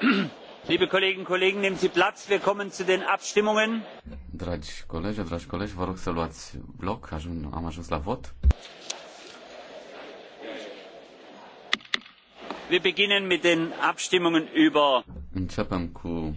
Liebe Kolleginnen und Kollegen, nehmen Sie Platz. Wir kommen zu den Abstimmungen. Dragi colegi, dragi colegi, vă rog să luați bloc. am ajuns la vot. Wir beginnen mit den Abstimmungen über Începem cu